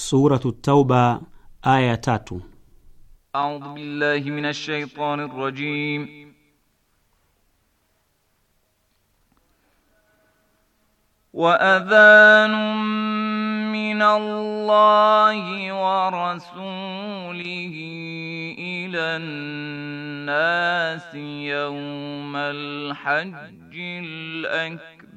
Suratu At-Tauba aya tatu. A'udhu billahi minash shaitanir rajim. وأذان من الله ورسوله إلى الناس يوم الحج الأكبر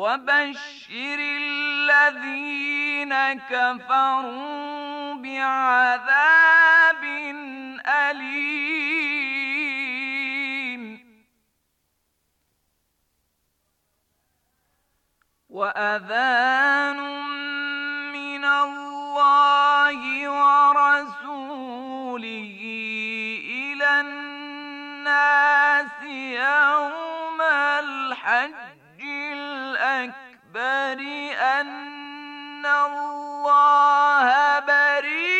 وبشر الذين كفروا بعذاب أليم وأذان من الله الكفر أن الله بريء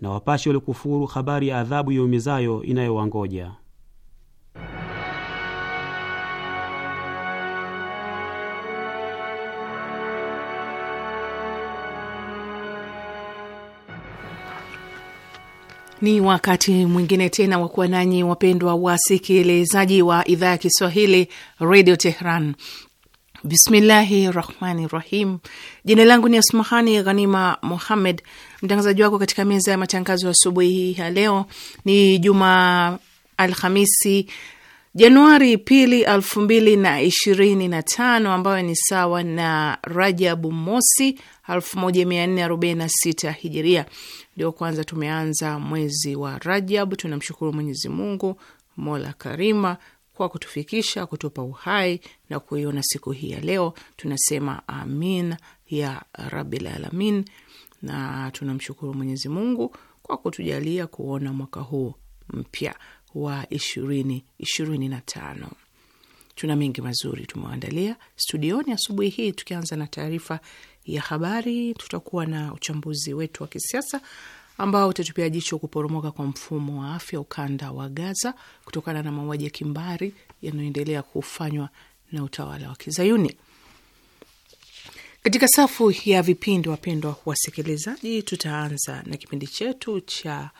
na wapashi waliokufuru habari ya adhabu yaumizayo inayowangoja. Ni wakati mwingine tena wa kuwa nanyi wapendwa wasikilizaji wa idhaa ya Kiswahili, Radio Tehran. Bismillahi rahmani rahim. Jina langu ni Asmahani Ghanima Muhammed, mtangazaji wako katika meza ya matangazo asubuhi hii ya leo. Ni juma Alhamisi, Januari pili elfu mbili na ishirini na tano, ambayo ni sawa na Rajabu mosi elfu moja mia nne arobaini na sita hijiria. Ndio kwanza tumeanza mwezi wa Rajab. Tunamshukuru Mwenyezi Mungu mola karima kwa kutufikisha, kutupa uhai na kuiona siku hii ya leo. Tunasema amin ya rabil alamin, na tunamshukuru Mwenyezi Mungu kwa kutujalia kuona mwaka huu mpya wa ishirini ishirini na tano. Tuna mengi mazuri tumeandalia studioni asubuhi hii, tukianza na taarifa ya habari. Tutakuwa na uchambuzi wetu wa kisiasa ambao utatupia jicho kuporomoka kwa mfumo wa afya ukanda wa Gaza kutokana na mauaji ya kimbari yanayoendelea kufanywa na utawala wa Kizayuni. Katika safu ya vipindi, wapendwa wasikilizaji, tutaanza na kipindi chetu cha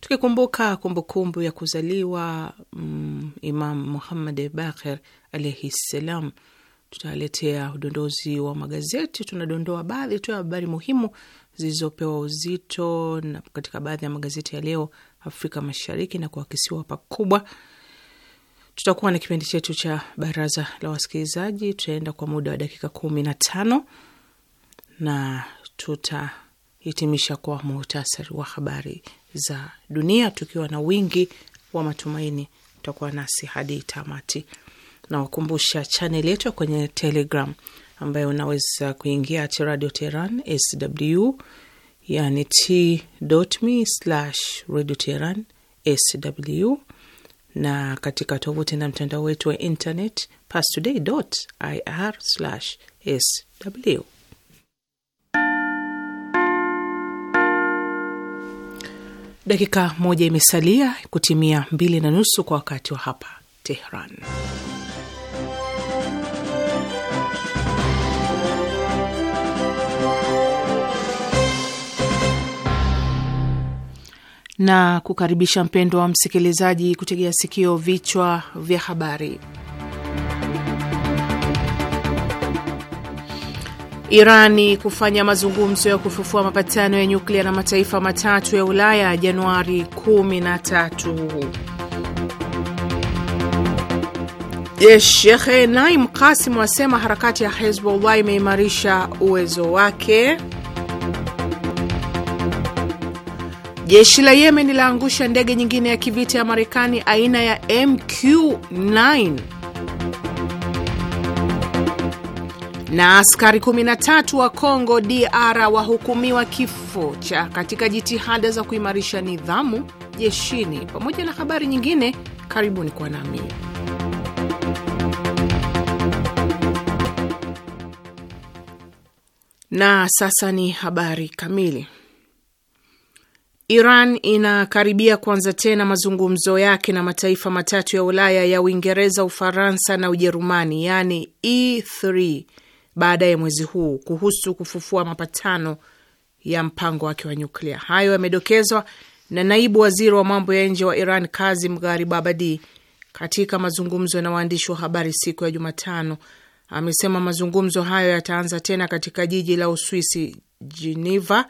tukikumbuka kumbukumbu ya kuzaliwa mm, Imam Muhammad Baqir alaihi ssalam. Tutaletea udondozi wa magazeti, tunadondoa baadhi tu ya habari muhimu zilizopewa uzito na katika baadhi ya magazeti ya leo Afrika Mashariki na kuakisiwa pakubwa. Tutakuwa na kipindi chetu cha baraza la wasikilizaji, tutaenda kwa muda wa dakika kumi na tano na tutahitimisha kwa muhtasari wa habari za dunia, tukiwa na wingi wa matumaini. Tutakuwa nasi hadi tamati. Nawakumbusha chaneli yetu kwenye Telegram ambayo unaweza kuingia at Radio Teheran sw yani t.me slash Radio Teheran sw na katika tovuti na mtandao wetu wa internet pastoday ir sw. Dakika moja imesalia kutimia mbili na nusu kwa wakati wa hapa Tehran. na kukaribisha mpendo wa msikilizaji kutegea sikio vichwa vya habari. Irani kufanya mazungumzo ya kufufua mapatano ya nyuklia na mataifa matatu ya Ulaya Januari 13. Shekhe Naim Kasim wasema harakati ya Hezbollah imeimarisha uwezo wake. Jeshi la Yemen laangusha ndege nyingine ya kivita ya Marekani aina ya MQ9 na askari 13 wa Kongo DR wahukumiwa kifo cha katika jitihada za kuimarisha nidhamu jeshini, pamoja na habari nyingine. Karibuni kwa nami na sasa ni habari kamili. Iran inakaribia kuanza tena mazungumzo yake na mataifa matatu ya Ulaya ya Uingereza, Ufaransa na Ujerumani, yaani E3 baada ya mwezi huu kuhusu kufufua mapatano ya mpango wake wa nyuklia. Hayo yamedokezwa na naibu waziri wa mambo ya nje wa Iran Kazim Gharibabadi katika mazungumzo na waandishi wa habari siku ya Jumatano. Amesema mazungumzo hayo yataanza tena katika jiji la Uswisi, Geneva,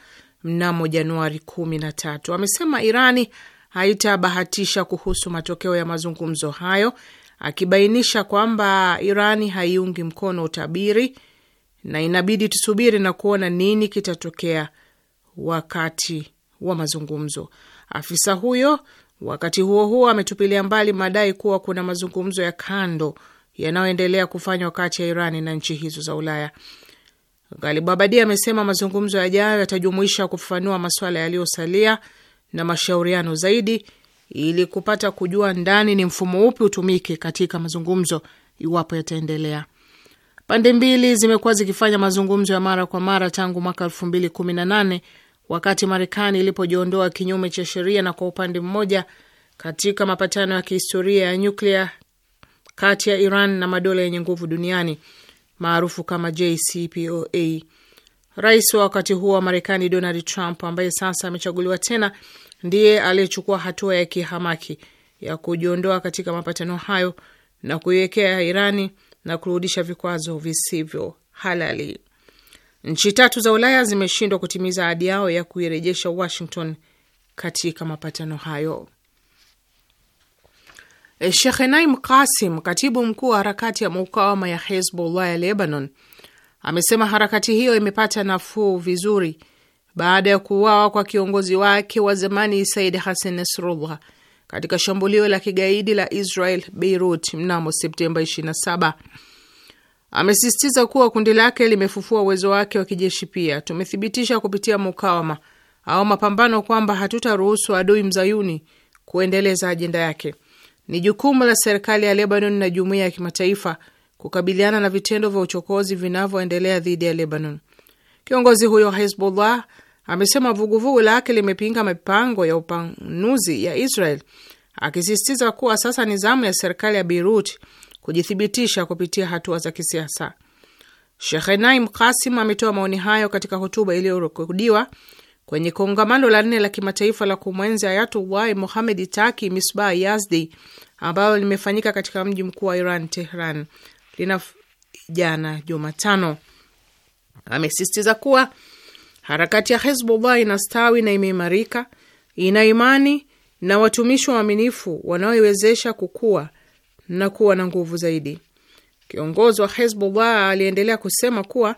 mnamo Januari kumi na tatu. Amesema Irani haitabahatisha kuhusu matokeo ya mazungumzo hayo, akibainisha kwamba Irani haiungi mkono utabiri na inabidi tusubiri na kuona nini kitatokea wakati wa mazungumzo. Afisa huyo wakati huo huo ametupilia mbali madai kuwa kuna mazungumzo ya kando yanayoendelea kufanywa kati ya Irani na nchi hizo za Ulaya. Ghalibu amesema mazungumzo yajayo yatajumuisha kufafanua masuala yaliyosalia na mashauriano zaidi ili kupata kujua ndani ni mfumo upi utumike katika mazungumzo iwapo yataendelea. Pande mbili zimekuwa zikifanya mazungumzo ya mara kwa mara tangu mwaka nane wakati Marekani ilipojiondoa kinyume cha sheria na kwa upande mmoja katika mapatano ya kihistoria ya nyuklia kati ya Iran na madola yenye nguvu duniani maarufu kama JCPOA. Rais wa wakati huo wa Marekani Donald Trump, ambaye sasa amechaguliwa tena, ndiye aliyechukua hatua ya kihamaki ya kujiondoa katika mapatano hayo na kuiwekea Irani na kurudisha vikwazo visivyo halali. Nchi tatu za Ulaya zimeshindwa kutimiza ahadi yao ya kuirejesha Washington katika mapatano hayo. Eh, Shekh Naim Kasim, katibu mkuu wa harakati ya mukawama ya Hezbollah ya Lebanon, amesema harakati hiyo imepata nafuu vizuri baada ya kuuawa kwa kiongozi wake wa zamani Said Hassan nasrullah katika shambulio la kigaidi la Israel Beirut mnamo Septemba 27. Amesisitiza kuwa kundi lake limefufua uwezo wake wa kijeshi. Pia tumethibitisha kupitia mukawama au mapambano kwamba hatutaruhusu adui mzayuni kuendeleza ajenda yake. Ni jukumu la serikali ya Lebanon na jumuiya ya kimataifa kukabiliana na vitendo vya uchokozi vinavyoendelea dhidi ya Lebanon. Kiongozi huyo Hezbollah amesema vuguvugu lake limepinga mipango ya upanuzi ya Israel, akisisitiza kuwa sasa ni zamu ya serikali ya Beirut kujithibitisha kupitia hatua za kisiasa. Sheikh Naim Kasim ametoa maoni hayo katika hotuba iliyorekodiwa Kwenye kongamano la nne la kimataifa la kumwenzi Ayatullah Mohamed Taki Misbah Yazdi ambalo limefanyika katika mji mkuu wa Iran, Tehran, lina jana Jumatano, amesisitiza kuwa harakati ya Hezbollah inastawi na imeimarika, ina imani na watumishi waaminifu wanaoiwezesha kukua na kuwa na nguvu zaidi. Kiongozi wa Hezbollah aliendelea kusema kuwa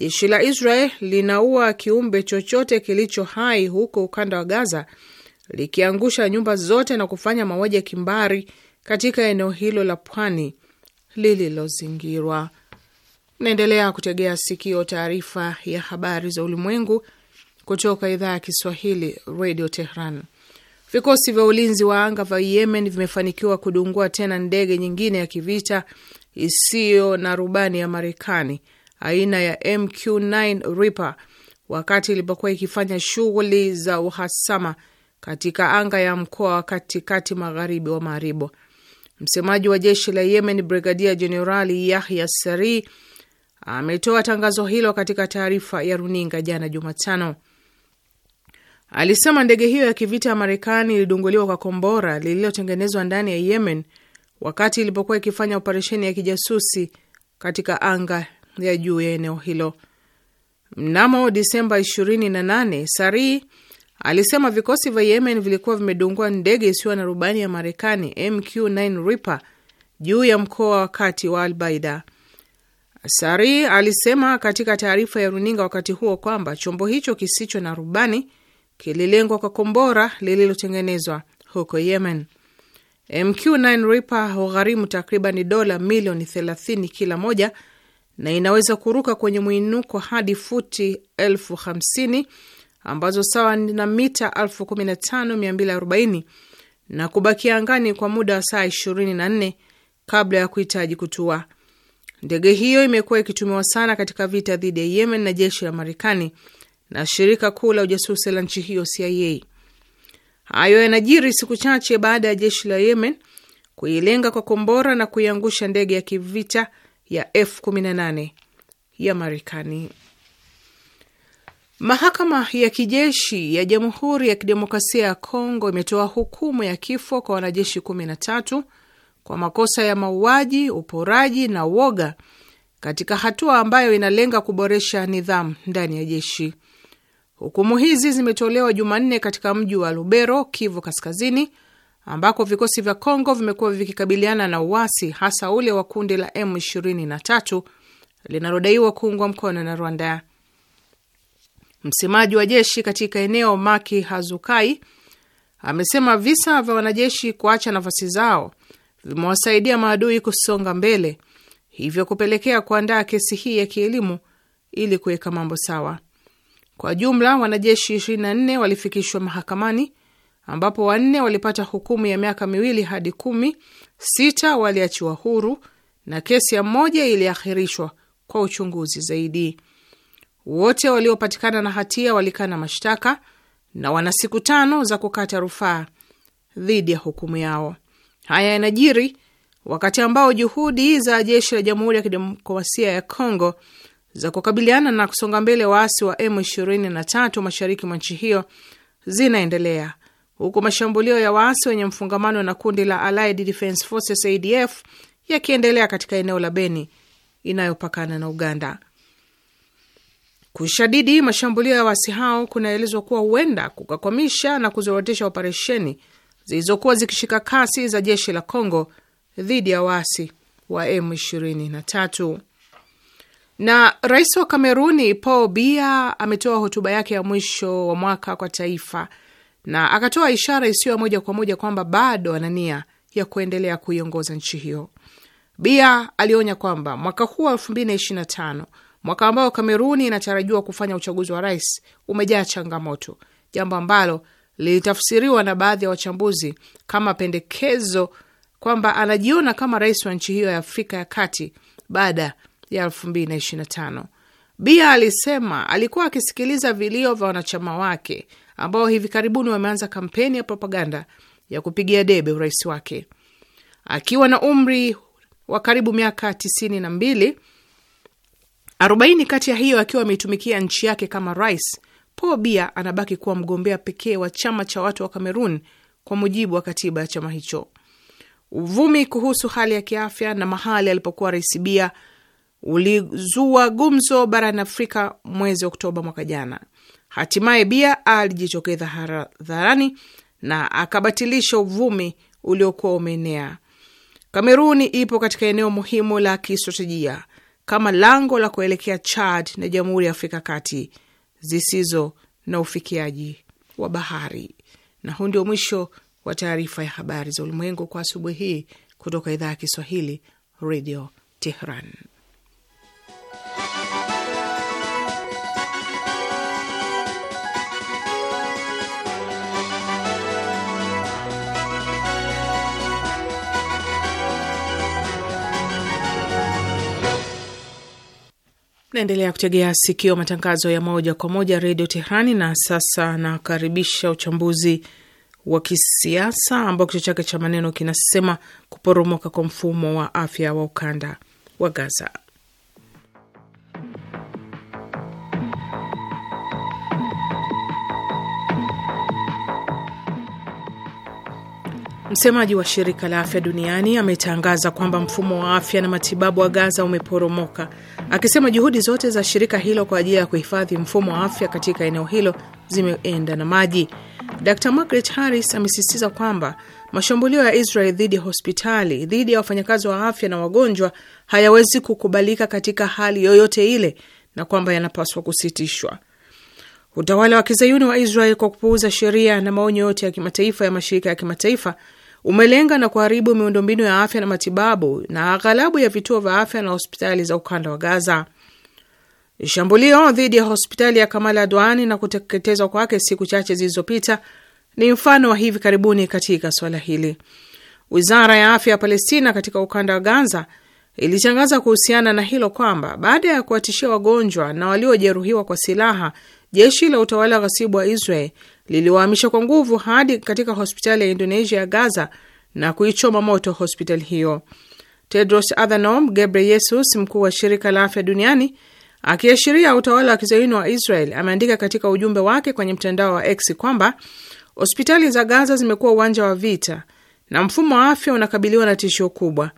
jeshi la Israel linaua kiumbe chochote kilicho hai huko ukanda wa Gaza, likiangusha nyumba zote na kufanya mauaji ya kimbari katika eneo hilo la pwani lililozingirwa. Naendelea kutegea sikio taarifa ya habari za ulimwengu kutoka idhaa ya Kiswahili, Radio Tehran. Vikosi vya ulinzi wa anga vya Yemen vimefanikiwa kudungua tena ndege nyingine ya kivita isiyo na rubani ya Marekani aina ya MQ9 Reaper wakati ilipokuwa ikifanya shughuli za uhasama katika anga ya mkoa wa katikati magharibi wa Maribo. Msemaji wa jeshi la Yemen, Brigadia Jenerali Yahya Sari ametoa tangazo hilo katika taarifa ya runinga jana Jumatano. Alisema ndege hiyo ya kivita ya Marekani ilidunguliwa kwa kombora lililotengenezwa ndani ya Yemen wakati ilipokuwa ikifanya operesheni ya kijasusi katika anga ya juu ya eneo hilo. Mnamo Disemba 28 Sari alisema vikosi vya Yemen vilikuwa vimedungua ndege isiyo na rubani ya Marekani MQ9 Reaper juu ya mkoa wa kati wa Albaida. Sari alisema katika taarifa ya runinga wakati huo kwamba chombo hicho kisicho na rubani kililengwa kwa kombora lililotengenezwa huko Yemen. MQ9 Reaper hugharimu takriban dola milioni 30 kila moja na inaweza kuruka kwenye mwinuko hadi futi elfu hamsini ambazo sawa na mita elfu kumi na tano mia mbili arobaini na kubakia angani kwa muda wa saa ishirini na nne kabla ya kuhitaji kutua. Ndege hiyo imekuwa ikitumiwa sana katika vita dhidi ya Yemen na jeshi la Marekani na shirika kuu la ujasusi la nchi hiyo CIA. Hayo yanajiri siku chache baada ya jeshi la Yemen kuilenga kwa kombora na kuiangusha ndege ya kivita ya F18 ya Marekani. Mahakama ya kijeshi ya Jamhuri ya Kidemokrasia ya Kongo imetoa hukumu ya kifo kwa wanajeshi 13 kwa makosa ya mauaji, uporaji na woga katika hatua ambayo inalenga kuboresha nidhamu ndani ya jeshi. Hukumu hizi zimetolewa Jumanne katika mji wa Lubero, Kivu Kaskazini, ambako vikosi vya Kongo vimekuwa vikikabiliana na uasi hasa ule wa kundi la M23 linalodaiwa kuungwa mkono na Rwanda. Msemaji wa jeshi katika eneo Maki Hazukai amesema visa vya wanajeshi kuacha nafasi zao vimewasaidia maadui kusonga mbele, hivyo kupelekea kuandaa kesi hii ya kielimu ili kuweka mambo sawa. Kwa jumla wanajeshi 24 walifikishwa mahakamani ambapo wanne walipata hukumu ya miaka miwili hadi kumi, sita waliachiwa huru na kesi ya mmoja iliahirishwa kwa uchunguzi zaidi. Wote waliopatikana na hatia walikana mashtaka na wana siku tano za kukata rufaa dhidi ya hukumu yao. Haya yanajiri wakati ambao juhudi za jeshi la Jamhuri ya Kidemokrasia ya Kongo za kukabiliana na kusonga mbele waasi wa M23 mashariki mwa nchi hiyo zinaendelea huku mashambulio ya waasi wenye mfungamano na kundi la Allied Defense Forces ADF yakiendelea katika eneo la Beni inayopakana na Uganda. Kushadidi mashambulio ya waasi hao kunaelezwa kuwa huenda kukakwamisha na kuzorotesha operesheni zilizokuwa zikishika kasi za jeshi la Congo dhidi ya waasi wa M23. Na rais wa Kameruni Paul Biya ametoa hotuba yake ya mwisho wa mwaka kwa taifa na akatoa ishara isiyo moja kwa moja kwamba bado ana nia ya kuendelea kuiongoza nchi hiyo. Bia alionya kwamba mwaka huu wa 2025 mwaka ambao Kameruni inatarajiwa kufanya uchaguzi wa rais umejaa changamoto, jambo ambalo lilitafsiriwa na baadhi ya wa wachambuzi kama pendekezo kwamba anajiona kama rais wa nchi hiyo ya Afrika ya Kati baada ya 2025. Bia alisema alikuwa akisikiliza vilio vya wanachama wake ambao hivi karibuni wameanza kampeni ya propaganda ya kupigia debe urais wake. Akiwa na umri wa karibu miaka tisini na mbili, arobaini kati ya hiyo akiwa ameitumikia nchi yake kama rais, Paul Biya anabaki kuwa mgombea pekee wa chama cha watu wa Kamerun kwa mujibu wa katiba ya chama hicho. Uvumi kuhusu hali ya kiafya na mahali alipokuwa rais Biya ulizua gumzo barani Afrika mwezi Oktoba mwaka jana. Hatimaye Bia alijitokeza hadharani na akabatilisha uvumi uliokuwa umeenea. Kameruni ipo katika eneo muhimu la kistratejia kama lango la kuelekea Chad na Jamhuri ya Afrika Kati zisizo na ufikiaji wa bahari. Na huu ndio mwisho wa taarifa ya habari za ulimwengu kwa asubuhi hii kutoka idhaa ya Kiswahili, Radio Tehran. Naendelea kutegea sikio matangazo ya moja kwa moja redio Tehrani. Na sasa nakaribisha uchambuzi wa kisiasa ambao kichwa chake cha maneno kinasema kuporomoka kwa mfumo wa afya wa ukanda wa Gaza. Msemaji wa shirika la afya duniani ametangaza kwamba mfumo wa afya na matibabu wa Gaza umeporomoka, akisema juhudi zote za shirika hilo kwa ajili ya kuhifadhi mfumo wa afya katika eneo hilo zimeenda na maji. Dr Margaret Harris amesisitiza kwamba mashambulio ya Israel dhidi ya hospitali, dhidi ya wafanyakazi wa afya na wagonjwa hayawezi kukubalika katika hali yoyote ile na kwamba yanapaswa kusitishwa. Utawala wa kizayuni wa Israel kwa kupuuza sheria na maonyo yote ya kimataifa ya mashirika ya kimataifa umelenga na kuharibu miundombinu ya afya na matibabu na aghalabu ya vituo vya afya na hospitali za ukanda wa Gaza. Shambulio dhidi ya hospitali ya Kamal Adwani na kuteketezwa kwake siku chache zilizopita ni mfano wa hivi karibuni katika swala hili. Wizara ya afya ya Palestina katika ukanda wa Gaza ilitangaza kuhusiana na hilo kwamba baada ya kuwatishia wagonjwa na waliojeruhiwa kwa silaha, jeshi la utawala ghasibu wa Israel liliwahamisha kwa nguvu hadi katika hospitali ya Indonesia ya Gaza na kuichoma moto hospitali hiyo. Tedros Adhanom Ghebreyesus, mkuu wa shirika la afya duniani, akiashiria utawala wa kizayuni wa Israel, ameandika katika ujumbe wake kwenye mtandao wa X kwamba hospitali za Gaza zimekuwa uwanja wa vita na mfumo wa afya unakabiliwa na tishio kubwa.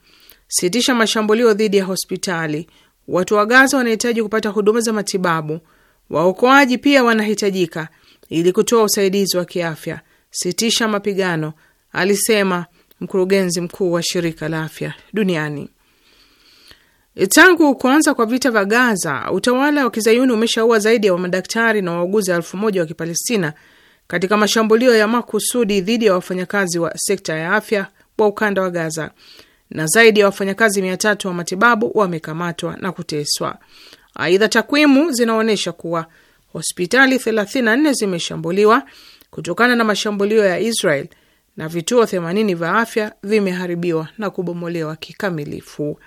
Sitisha mashambulio dhidi ya hospitali. Watu wa Gaza wanahitaji kupata huduma za matibabu. Waokoaji pia wanahitajika ili kutoa usaidizi wa kiafya, sitisha mapigano, alisema mkurugenzi mkuu wa shirika la afya duniani. Tangu kuanza kwa vita vya Gaza, utawala wa kizayuni umeshaua zaidi ya madaktari na wauguzi elfu moja wa Kipalestina katika mashambulio ya makusudi dhidi ya wafanyakazi wa sekta ya afya wa ukanda wa Gaza, na zaidi ya wafanyakazi mia tatu wa matibabu wamekamatwa na kuteswa. Aidha, takwimu zinaonyesha kuwa Hospitali 34 zimeshambuliwa kutokana na mashambulio ya Israel na vituo 80 vya afya vimeharibiwa na kubomolewa kikamilifu.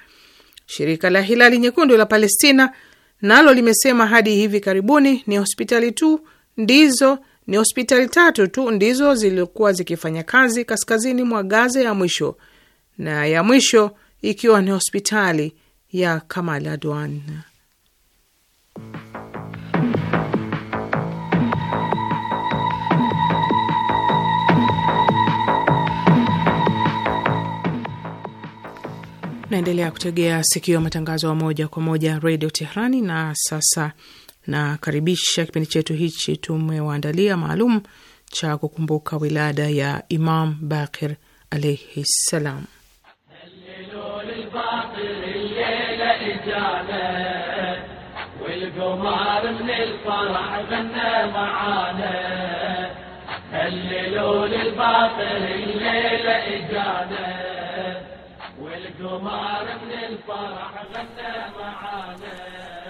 Shirika la Hilali Nyekundu la Palestina nalo limesema hadi hivi karibuni ni hospitali tu ndizo ni hospitali tatu tu ndizo zilikuwa zikifanya kazi kaskazini mwa Gaza, ya mwisho na ya mwisho ikiwa ni hospitali ya Kamal Adwan. Naendelea kutegea sikio matangazo ya moja kwa moja redio Teherani. Na sasa nakaribisha kipindi chetu hichi tumewaandalia maalum cha kukumbuka wilada ya Imam Bakir alaihi ssalam.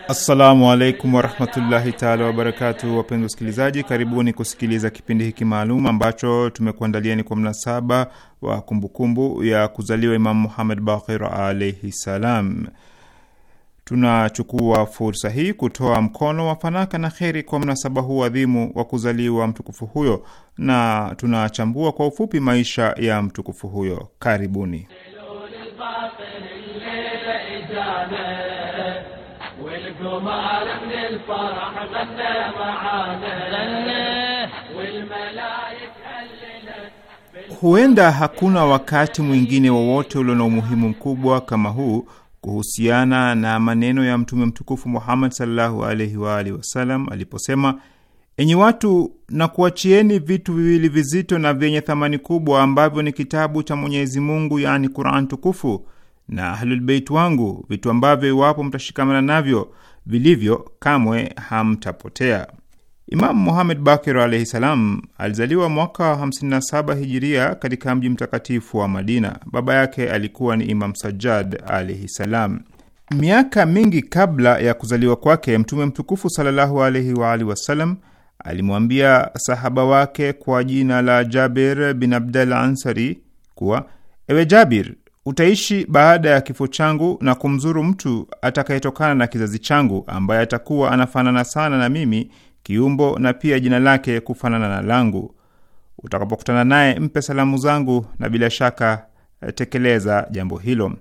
Assalamu alaikum warahmatullahi taala wabarakatu. Wapenzi wasikilizaji, karibuni kusikiliza kipindi hiki maalum ambacho tumekuandalieni kwa mnasaba wa kumbukumbu kumbu ya kuzaliwa Imamu Muhammad Baqir alaihi salam. Tunachukua fursa hii kutoa mkono wa fanaka na kheri kwa mnasaba huu adhimu wa kuzaliwa mtukufu huyo, na tunachambua kwa ufupi maisha ya mtukufu huyo. Karibuni. الباطن الليلة إجانا والقمر من الفرح غنى معانا والملايك Huenda hakuna wakati mwingine wowote ulio na umuhimu mkubwa kama huu kuhusiana na maneno ya Mtume mtukufu Muhammad sallallahu alaihi wa alihi wasallam aliposema Enyi watu, na kuachieni vitu viwili vizito na vyenye thamani kubwa ambavyo ni kitabu cha Mwenyezi Mungu, yani Quran tukufu na Ahlulbeit wangu, vitu ambavyo iwapo mtashikamana navyo vilivyo, kamwe hamtapotea. Imamu Muhamed Bakir alaihi salam alizaliwa mwaka 57 hijiria katika mji mtakatifu wa Madina. Baba yake alikuwa ni Imam Sajjad alaihi salam. Miaka mingi kabla ya kuzaliwa kwake, Mtume mtukufu sallallahu alaihi waalihi wasalam alimwambia sahaba wake kwa jina la Jabir bin Abdal Ansari kuwa, ewe Jabir, utaishi baada ya kifo changu na kumzuru mtu atakayetokana na kizazi changu ambaye atakuwa anafanana sana na mimi kiumbo na pia jina lake kufanana na langu. Utakapokutana naye mpe salamu zangu na bila shaka eh, tekeleza jambo hilo.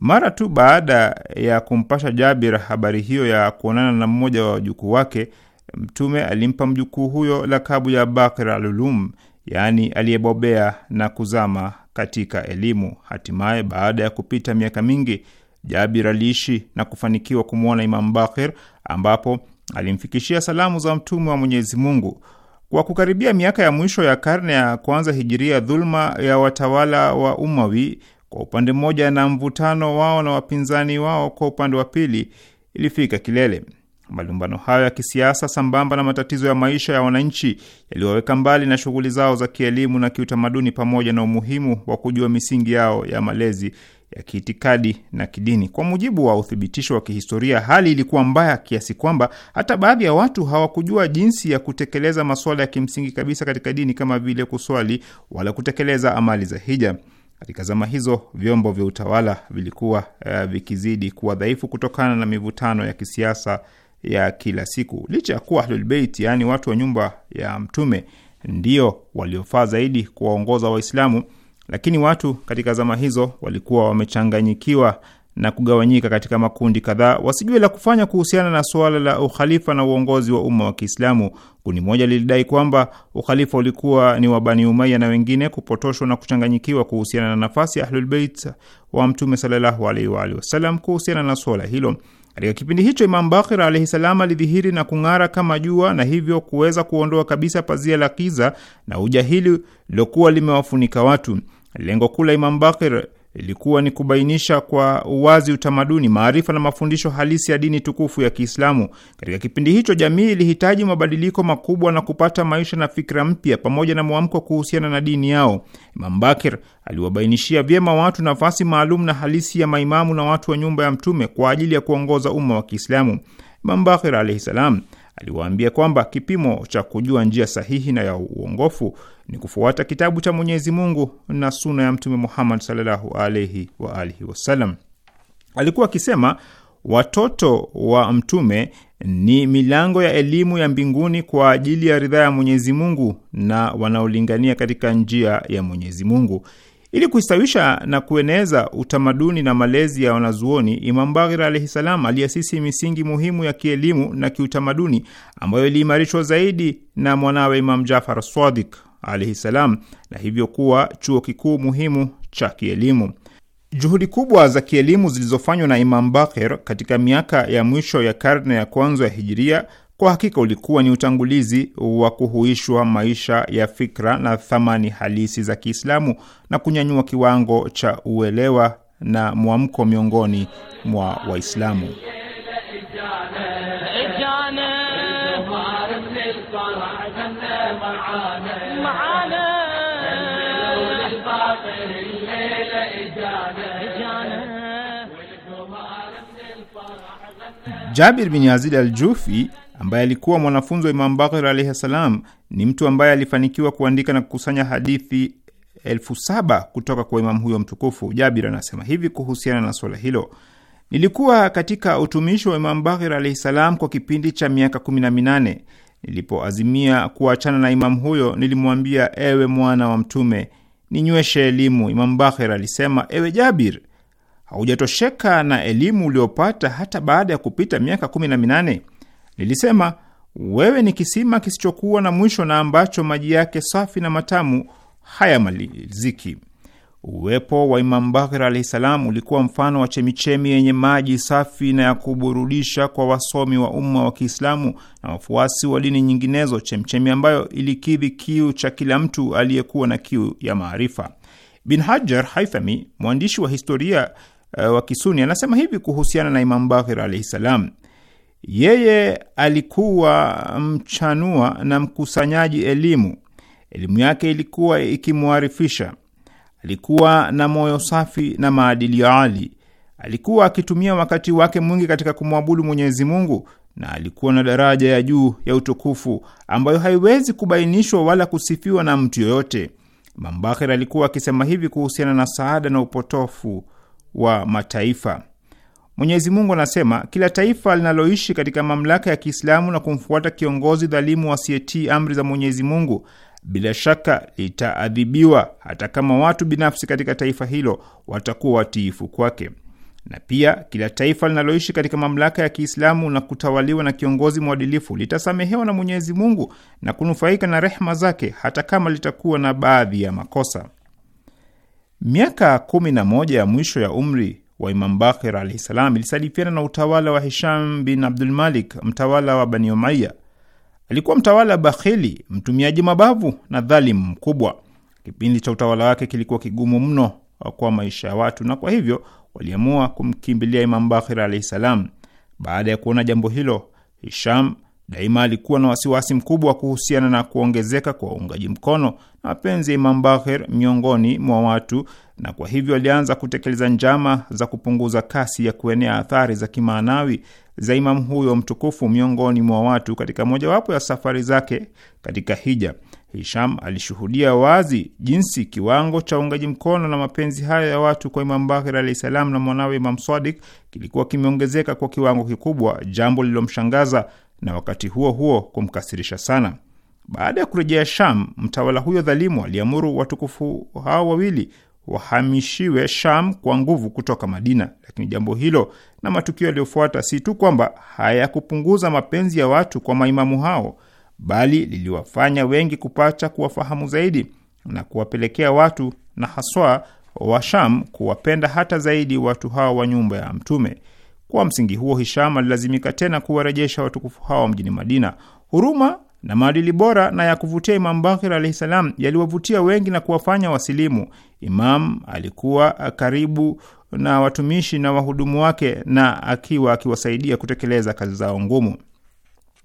Mara tu baada ya kumpasha Jabir habari hiyo ya kuonana na mmoja wa wajukuu wake, Mtume alimpa mjukuu huyo lakabu ya Bakr al-Ulum, yaani aliyebobea na kuzama katika elimu. Hatimaye, baada ya kupita miaka mingi, Jabir aliishi na kufanikiwa kumwona Imam Bakir, ambapo alimfikishia salamu za Mtume wa Mwenyezi Mungu. Kwa kukaribia miaka ya mwisho ya karne ya kwanza hijiria, dhuluma ya watawala wa Umawi kwa upande mmoja na mvutano wao na wapinzani wao kwa upande wa pili ilifika kilele. Malumbano hayo ya kisiasa sambamba na matatizo ya maisha ya wananchi yaliyoweka mbali na shughuli zao za kielimu na kiutamaduni, pamoja na umuhimu wa kujua misingi yao ya malezi ya kiitikadi na kidini. Kwa mujibu wa uthibitisho wa kihistoria, hali ilikuwa mbaya kiasi kwamba hata baadhi ya watu hawakujua jinsi ya kutekeleza masuala ya kimsingi kabisa katika dini kama vile kuswali wala kutekeleza amali za hija. Katika zama hizo vyombo vya utawala vilikuwa uh, vikizidi kuwa dhaifu kutokana na mivutano ya kisiasa ya kila siku. Licha ya kuwa Ahlulbeit, yaani watu wa nyumba ya Mtume, ndio waliofaa zaidi kuwaongoza Waislamu, lakini watu katika zama hizo walikuwa wamechanganyikiwa na kugawanyika katika makundi kadhaa, wasijue la kufanya kuhusiana na suala la ukhalifa na uongozi wa umma wa Kiislamu. Kundi moja lilidai kwamba ukhalifa ulikuwa ni wa Bani Umayya na wengine kupotoshwa na kuchanganyikiwa kuhusiana na nafasi ya Ahlulbeit wa Mtume sallallahu alaihi wa alihi wasallam kuhusiana na suala hilo. Katika kipindi hicho Imam Bakir alaihi salam alidhihiri na kung'ara kama jua na hivyo kuweza kuondoa kabisa pazia la kiza na ujahili lilokuwa limewafunika watu. Lengo kuu la Imam Bakir ilikuwa ni kubainisha kwa uwazi utamaduni, maarifa na mafundisho halisi ya dini tukufu ya Kiislamu. Katika kipindi hicho, jamii ilihitaji mabadiliko makubwa na kupata maisha na fikra mpya pamoja na mwamko kuhusiana na dini yao. Imam Bakir aliwabainishia vyema watu nafasi maalum na halisi ya maimamu na watu wa nyumba ya Mtume kwa ajili ya kuongoza umma wa Kiislamu. Imam Bakir alaihi salam aliwaambia kwamba kipimo cha kujua njia sahihi na ya uongofu ni kufuata kitabu cha Mwenyezi Mungu na suna ya Mtume Muhammad sallallahu alaihi wa alihi wasallam. Alikuwa akisema watoto wa Mtume ni milango ya elimu ya mbinguni kwa ajili ya ridhaa ya Mwenyezi Mungu na wanaolingania katika njia ya Mwenyezi Mungu. Ili kuistawisha na kueneza utamaduni na malezi ya wanazuoni, Imam Baghir alaihi salam aliasisi misingi muhimu ya kielimu na kiutamaduni ambayo iliimarishwa zaidi na mwanawe Imam Jafar Swadik alaihi salam, na hivyo kuwa chuo kikuu muhimu cha kielimu. Juhudi kubwa za kielimu zilizofanywa na Imam Bakir katika miaka ya mwisho ya karne ya kwanza ya Hijiria kwa hakika ulikuwa ni utangulizi wa kuhuishwa maisha ya fikra na thamani halisi za Kiislamu na kunyanyua kiwango cha uelewa na mwamko miongoni mwa Waislamu. Jabir bin Yazid al-Jufi ambaye alikuwa mwanafunzi wa Imam Bakir alaihi ssalam, ni mtu ambaye alifanikiwa kuandika na kukusanya hadithi elfu saba kutoka kwa imamu huyo mtukufu. Jabir anasema hivi kuhusiana na swala hilo: nilikuwa katika utumishi wa Imam Bakir alaihi ssalam kwa kipindi cha miaka kumi na minane. Nilipoazimia kuachana na imamu huyo, nilimwambia, ewe mwana wa Mtume, ninyweshe elimu. Imam Bakir alisema, ewe Jabir, haujatosheka na elimu uliopata hata baada ya kupita miaka kumi na minane? lilisema, wewe ni kisima kisichokuwa na mwisho na ambacho maji yake safi na matamu hayamaliziki. Uwepo wa Imam Bakir alahi salam ulikuwa mfano wa chemichemi yenye maji safi na ya kuburudisha kwa wasomi wa umma wa Kiislamu na wafuasi wa dini nyinginezo, chemichemi ambayo ilikidhi kiu cha kila mtu aliyekuwa na kiu ya maarifa. Bin Hajar Haithami, mwandishi wa historia uh, wa Kisuni, anasema hivi kuhusiana na Imam Bakir alahi salam: yeye alikuwa mchanua na mkusanyaji elimu. Elimu yake ilikuwa ikimwarifisha. Alikuwa na moyo safi na maadili ya ali. Alikuwa akitumia wakati wake mwingi katika kumwabudu Mwenyezi Mungu, na alikuwa na daraja ya juu ya utukufu ambayo haiwezi kubainishwa wala kusifiwa na mtu yoyote. Imam alikuwa akisema hivi kuhusiana na saada na upotofu wa mataifa: Mwenyezi Mungu anasema, kila taifa linaloishi katika mamlaka ya Kiislamu na kumfuata kiongozi dhalimu asiyetii amri za Mwenyezi Mungu bila shaka litaadhibiwa, hata kama watu binafsi katika taifa hilo watakuwa watiifu kwake. Na pia kila taifa linaloishi katika mamlaka ya Kiislamu na kutawaliwa na kiongozi mwadilifu litasamehewa na Mwenyezi Mungu na kunufaika na rehma zake, hata kama litakuwa na baadhi ya makosa. Miaka kumi na moja ya mwisho ya umri wa Imam Bakir alaihi salam ilisadifiana na utawala wa Hisham bin Abdulmalik, mtawala wa Bani Umaya. Alikuwa mtawala bakhili, mtumiaji mabavu na dhalimu mkubwa. Kipindi cha utawala wake kilikuwa kigumu mno kwa maisha ya watu, na kwa hivyo waliamua kumkimbilia Imam Bakir alaihi salam. Baada ya kuona jambo hilo, Hisham daima alikuwa na wasiwasi mkubwa kuhusiana na kuongezeka kwa uungaji mkono na mapenzi ya Imam Bakher miongoni mwa watu, na kwa hivyo alianza kutekeleza njama za kupunguza kasi ya kuenea athari za kimaanawi za imamu huyo mtukufu miongoni mwa watu. Katika mojawapo ya safari zake katika hija, Hisham alishuhudia wazi jinsi kiwango cha uungaji mkono na mapenzi hayo ya watu kwa Imam Bakir alahi salam na mwanawe Imam Swadik kilikuwa kimeongezeka kwa kiwango kikubwa, jambo lililomshangaza na wakati huo huo kumkasirisha sana. Baada ya kurejea Sham, mtawala huyo dhalimu aliamuru watukufu hao wawili wahamishiwe Sham kwa nguvu kutoka Madina. Lakini jambo hilo na matukio yaliyofuata si tu kwamba hayakupunguza mapenzi ya watu kwa maimamu hao, bali liliwafanya wengi kupata kuwafahamu zaidi na kuwapelekea watu na haswa wa Sham kuwapenda hata zaidi watu hao wa nyumba ya Mtume. Kwa msingi huo, Hisham alilazimika tena kuwarejesha watukufu hao mjini Madina. Huruma na maadili bora na ya kuvutia Imam Bakir alahi salam yaliwavutia wengi na kuwafanya wasilimu. Imam alikuwa karibu na watumishi na wahudumu wake na akiwa akiwasaidia kutekeleza kazi zao ngumu.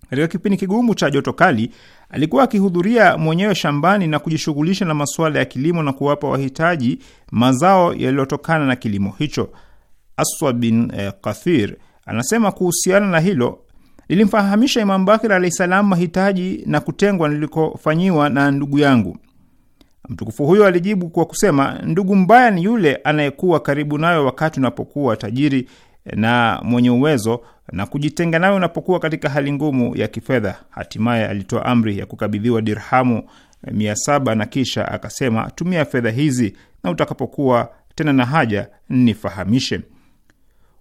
Katika kipindi kigumu cha joto kali, alikuwa akihudhuria mwenyewe shambani na kujishughulisha na masuala ya kilimo na kuwapa wahitaji mazao yaliyotokana na kilimo hicho. Aswa bin e, Kathir anasema kuhusiana na hilo, lilimfahamisha Imam Bakir alahi salam mahitaji na kutengwa nilikofanyiwa na ndugu yangu. Mtukufu huyo alijibu kwa kusema, ndugu mbaya ni yule anayekuwa karibu nayo wakati unapokuwa tajiri na mwenye uwezo na kujitenga nayo unapokuwa katika hali ngumu ya kifedha. Hatimaye alitoa amri ya kukabidhiwa dirhamu eh, mia saba na kisha akasema, tumia fedha hizi na utakapokuwa tena na haja nifahamishe.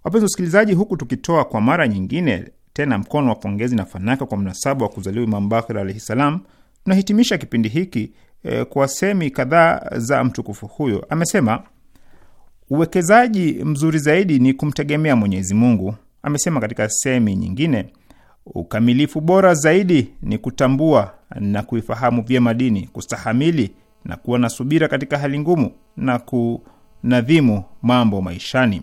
Wapenzi wasikilizaji, huku tukitoa kwa mara nyingine tena mkono wa pongezi na fanaka kwa mnasaba wa kuzaliwa Imam Bakir alaihi salam, tunahitimisha kipindi hiki e, kwa semi kadhaa za mtukufu huyo. Amesema uwekezaji mzuri zaidi ni kumtegemea Mwenyezi Mungu. Amesema katika semi nyingine, ukamilifu bora zaidi ni kutambua na kuifahamu vyema dini, kustahamili na kuwa na subira katika hali ngumu na kunadhimu mambo maishani.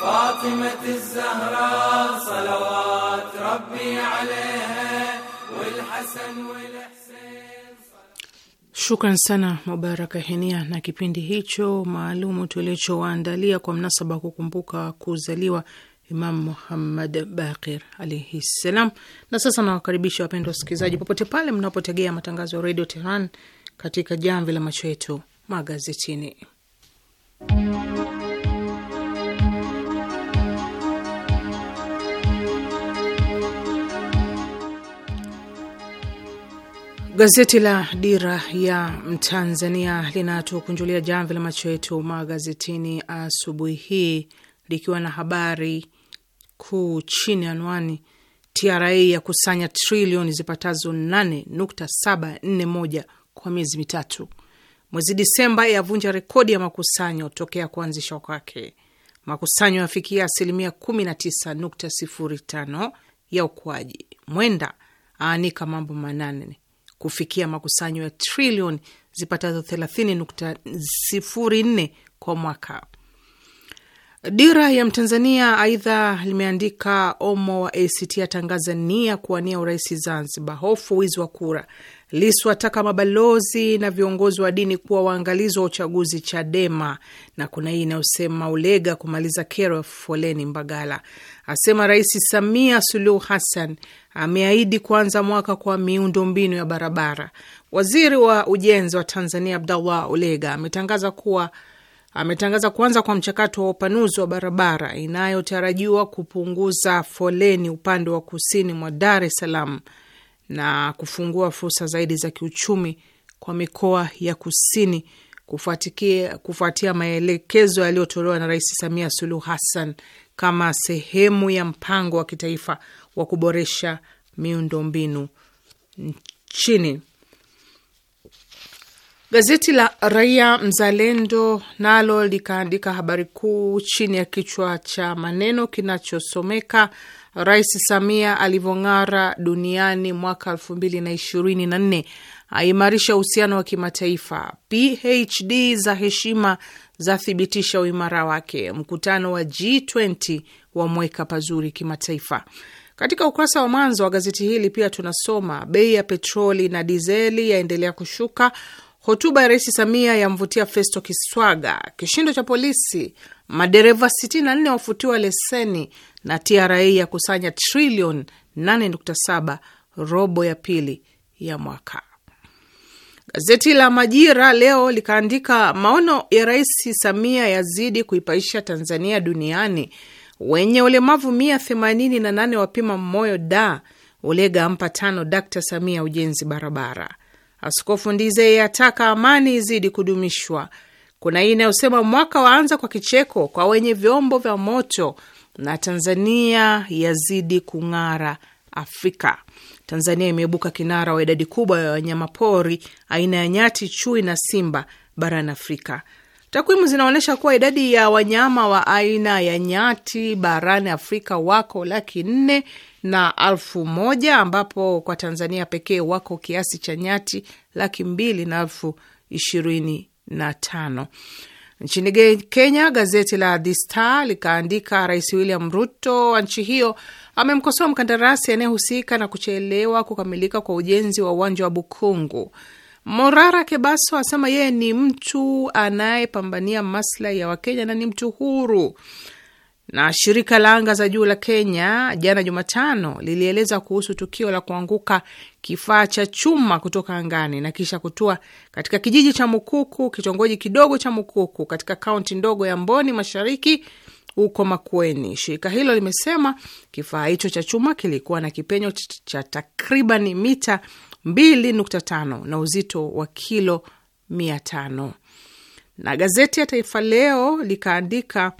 فاطمة الزهراء صلوات ربي عليها والحسن Shukran sana Mubaraka Henia na kipindi hicho maalumu tulichowaandalia kwa mnasaba wa kukumbuka kuzaliwa Imam Muhammad Bakir alaihi ssalam. Na sasa nawakaribisha wapendwa wasikilizaji, popote pale mnapotegea matangazo ya Redio Tehran, katika jamvi la macho yetu magazetini. Gazeti la Dira ya Mtanzania linatukunjulia jamvi la macho yetu magazetini asubuhi hii likiwa na habari kuu chini anwani TRA ya kusanya trilioni zipatazo 8.741 kwa miezi mitatu. Mwezi Disemba yavunja rekodi ya makusanyo tokea kuanzishwa kwake. Makusanyo yafikia asilimia 19.05 ya ukuaji. Mwenda aanika mambo manane kufikia makusanyo ya trilioni zipatazo 30.04 kwa mwaka. Dira ya Mtanzania aidha limeandika Omo wa ACT atangaza nia kuwania urais Zanzibar, hofu wizi wa kura. lisu ataka mabalozi na viongozi wa dini kuwa waangalizi wa uchaguzi Chadema, na kuna hii inayosema Ulega kumaliza kero ya foleni Mbagala asema Rais Samia Suluhu Hassan ameahidi kuanza mwaka kwa miundombinu ya barabara. Waziri wa ujenzi wa Tanzania Abdallah Ulega ametangaza kuwa ametangaza kuanza kwa mchakato wa upanuzi wa barabara inayotarajiwa kupunguza foleni upande wa kusini mwa Dar es Salaam na kufungua fursa zaidi za kiuchumi kwa mikoa ya kusini kufuatia maelekezo yaliyotolewa na Rais Samia Suluhu Hassan kama sehemu ya mpango wa kitaifa wa kuboresha miundombinu nchini. Gazeti la Raia Mzalendo nalo likaandika habari kuu chini ya kichwa cha maneno kinachosomeka Rais Samia alivyong'ara duniani mwaka elfu mbili na ishirini na nne aimarisha uhusiano wa kimataifa, PhD za heshima zathibitisha uimara wake. Mkutano wa G20 wamweka pazuri kimataifa. Katika ukurasa wa mwanzo wa gazeti hili pia tunasoma bei ya petroli na dizeli yaendelea kushuka. Hotuba ya Rais Samia yamvutia Festo Kiswaga. Kishindo cha polisi, madereva 64 wafutiwa leseni, na TRA ya kusanya trilioni 8.7 robo ya pili ya mwaka. Gazeti la Majira leo likaandika maono ya Rais Samia yazidi kuipaisha Tanzania duniani, wenye ulemavu mia themanini na nane wapima moyo da ulega mpa tano Dkt Samia ujenzi barabara. Askofu Ndize yataka amani izidi kudumishwa. Kuna hii inayosema mwaka waanza kwa kicheko kwa wenye vyombo vya moto na Tanzania yazidi kung'ara Afrika. Tanzania imeibuka kinara wa idadi kubwa ya wanyamapori aina ya nyati, chui na simba barani Afrika. Takwimu zinaonyesha kuwa idadi ya wanyama wa aina ya nyati barani Afrika wako laki nne na alfu moja ambapo kwa Tanzania pekee wako kiasi cha nyati laki mbili na alfu ishirini na tano. Nchini Kenya, gazeti la The Star likaandika Rais William Ruto wa nchi hiyo amemkosoa mkandarasi anayehusika na kuchelewa kukamilika kwa ujenzi wa uwanja wa Bukungu. Morara Kebaso asema yeye ni mtu anayepambania maslahi ya Wakenya na ni mtu huru. Na shirika la anga za juu la Kenya jana Jumatano lilieleza kuhusu tukio la kuanguka kifaa cha chuma kutoka angani na kisha kutua katika kijiji cha Mukuku, kitongoji kidogo cha Mukuku katika kaunti ndogo ya Mboni Mashariki, huko Makueni. Shirika hilo limesema kifaa hicho cha chuma kilikuwa na kipenyo cha takriban mita 2.5 na uzito wa kilo 500. Na gazeti ya Taifa Leo likaandika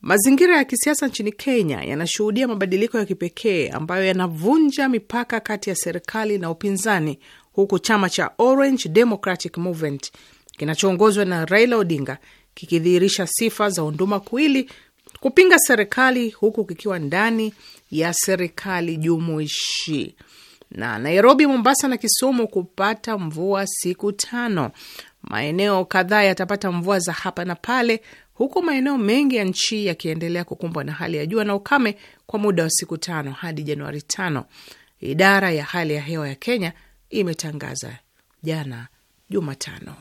mazingira ya kisiasa nchini Kenya yanashuhudia mabadiliko ya kipekee ambayo yanavunja mipaka kati ya serikali na upinzani, huku chama cha Orange Democratic Movement kinachoongozwa na Raila Odinga kikidhihirisha sifa za unduma kuili kupinga serikali huku kikiwa ndani ya serikali jumuishi, na Nairobi, Mombasa na Kisumu kupata mvua siku tano. Maeneo kadhaa yatapata mvua za hapa na pale, huku maeneo mengi ya nchi yakiendelea kukumbwa na hali ya jua na ukame kwa muda wa siku tano hadi Januari tano. Idara ya hali ya hewa ya Kenya imetangaza jana Jumatano.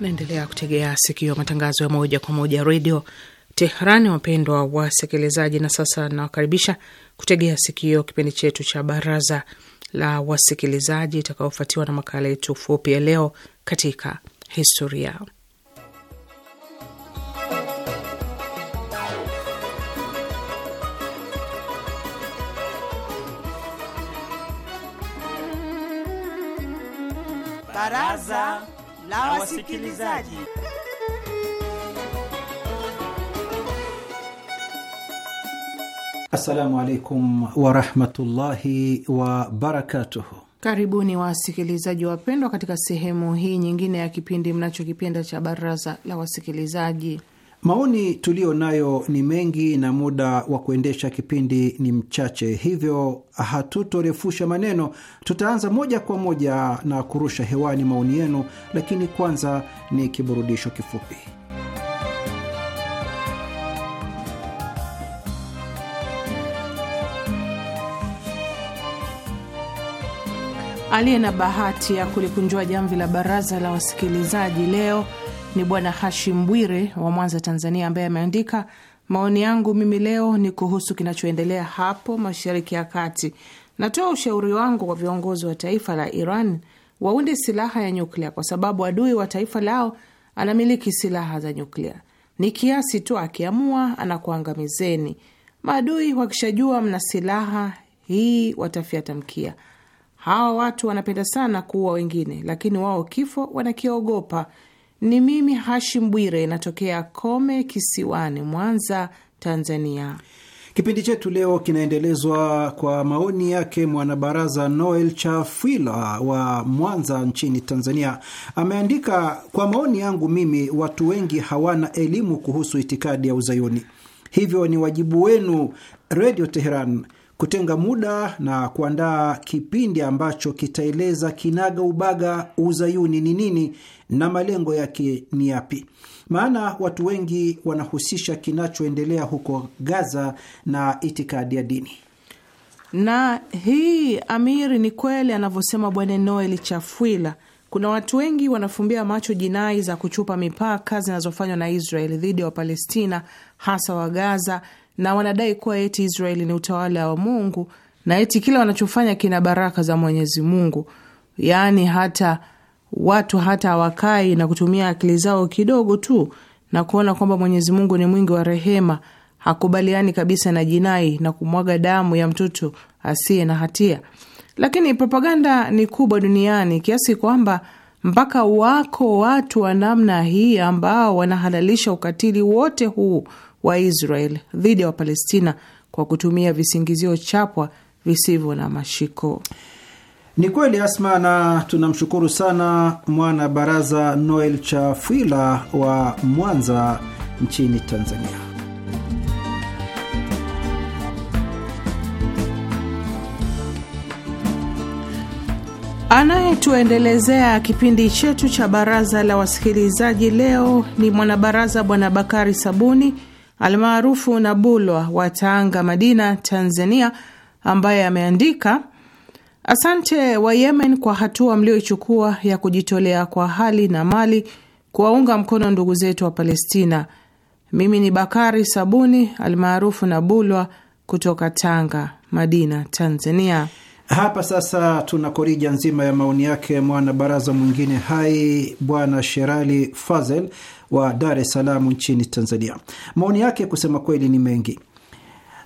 Naendelea kutegea sikio matangazo ya moja kwa moja redio Teherani, wapendwa wasikilizaji. Na sasa nawakaribisha kutegea sikio kipindi chetu cha baraza la wasikilizaji itakaofuatiwa na makala yetu fupi ya leo katika historia. Baraza la wasikilizaji. Assalamu alaikum warahmatullahi wabarakatuh. Karibuni wasikilizaji wapendwa, katika sehemu hii nyingine ya kipindi mnachokipenda cha Baraza la Wasikilizaji. Maoni tuliyo nayo ni mengi na muda wa kuendesha kipindi ni mchache, hivyo hatutorefusha maneno. Tutaanza moja kwa moja na kurusha hewani maoni yenu, lakini kwanza ni kiburudisho kifupi. Aliye na bahati ya kulikunjua jamvi la baraza la wasikilizaji leo ni Bwana Hashim Bwire wa Mwanza, Tanzania, ambaye ameandika maoni yangu mimi leo ni kuhusu kinachoendelea hapo Mashariki ya Kati. Natoa ushauri wangu kwa viongozi wa taifa la Iran waunde silaha ya nyuklia, kwa sababu adui wa taifa lao anamiliki silaha za nyuklia. Ni kiasi tu akiamua anakuangamizeni. Maadui wakishajua mna silaha hii, watafyata mkia. Hawa watu wanapenda sana kuua wengine, lakini wao kifo wanakiogopa. Ni mimi Hashim Bwire, inatokea Kome Kisiwani, Mwanza, Tanzania. Kipindi chetu leo kinaendelezwa kwa maoni yake mwanabaraza Noel Chafwila wa Mwanza nchini Tanzania. Ameandika, kwa maoni yangu mimi, watu wengi hawana elimu kuhusu itikadi ya Uzayuni, hivyo ni wajibu wenu, Redio Teheran, kutenga muda na kuandaa kipindi ambacho kitaeleza kinaga ubaga uzayuni ni nini na malengo yake ni yapi. Maana watu wengi wanahusisha kinachoendelea huko Gaza na itikadi ya dini. Na hii amir ni kweli anavyosema Bwana Noel Chafwila, kuna watu wengi wanafumbia macho jinai za kuchupa mipaka zinazofanywa na Israeli dhidi ya Wapalestina hasa wa Gaza na wanadai kuwa eti Israeli ni utawala wa Mungu na eti kila wanachofanya kina baraka za Mwenyezi Mungu, yaani hata watu hata hawakai na kutumia akili zao kidogo tu na kuona kwamba Mwenyezi Mungu ni mwingi wa rehema, hakubaliani kabisa na jinai na kumwaga damu ya mtoto asiye na hatia. Lakini propaganda ni kubwa duniani kiasi kwamba mpaka wako watu wa namna hii ambao wanahalalisha ukatili wote huu wa Israel dhidi ya Wapalestina kwa kutumia visingizio chapwa visivyo na mashiko. Ni kweli Asma, na tunamshukuru sana mwana baraza Noel Chafuila wa Mwanza nchini Tanzania. Anayetuendelezea kipindi chetu cha baraza la wasikilizaji leo ni mwanabaraza Bwana Bakari Sabuni almaarufu na Bulwa wa Tanga, Madina, Tanzania, ambaye ameandika asante wa Yemen kwa hatua mlioichukua ya kujitolea kwa hali na mali kuwaunga mkono ndugu zetu wa Palestina. Mimi ni Bakari Sabuni almaarufu na Bulwa kutoka Tanga, Madina, Tanzania. Hapa sasa tuna korija nzima ya maoni yake mwana baraza mwingine hai Bwana Sherali Fazel wa Dar es Salaam nchini Tanzania. Maoni yake kusema kweli ni mengi,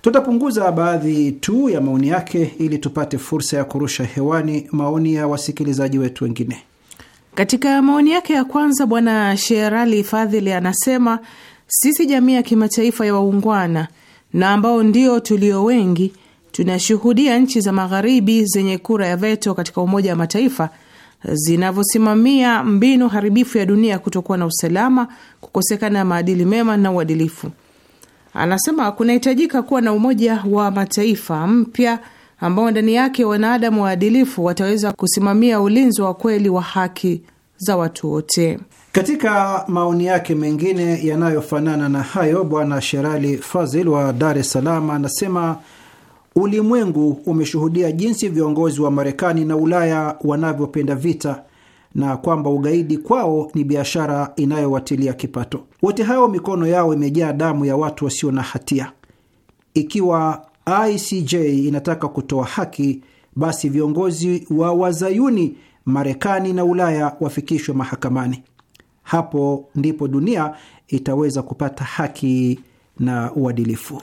tutapunguza baadhi tu ya maoni yake ili tupate fursa ya kurusha hewani maoni ya wasikilizaji wetu wengine. Katika maoni yake ya kwanza, Bwana Sherali Fadhili anasema sisi jamii ya kimataifa ya waungwana na ambao ndio tulio wengi tunashuhudia nchi za magharibi zenye kura ya veto katika Umoja wa Mataifa zinavyosimamia mbinu haribifu ya dunia kutokuwa na usalama, kukosekana maadili mema na uadilifu. Anasema kunahitajika kuwa na Umoja wa Mataifa mpya ambao ndani yake wanadamu waadilifu wataweza kusimamia ulinzi wa kweli wa haki za watu wote. Katika maoni yake mengine yanayofanana na hayo, Bwana Sherali Fazil wa Dar es Salaam anasema Ulimwengu umeshuhudia jinsi viongozi wa Marekani na Ulaya wanavyopenda vita na kwamba ugaidi kwao ni biashara inayowatilia kipato. Wote hao mikono yao imejaa damu ya watu wasio na hatia. Ikiwa ICJ inataka kutoa haki, basi viongozi wa wazayuni Marekani na Ulaya wafikishwe mahakamani. Hapo ndipo dunia itaweza kupata haki na uadilifu.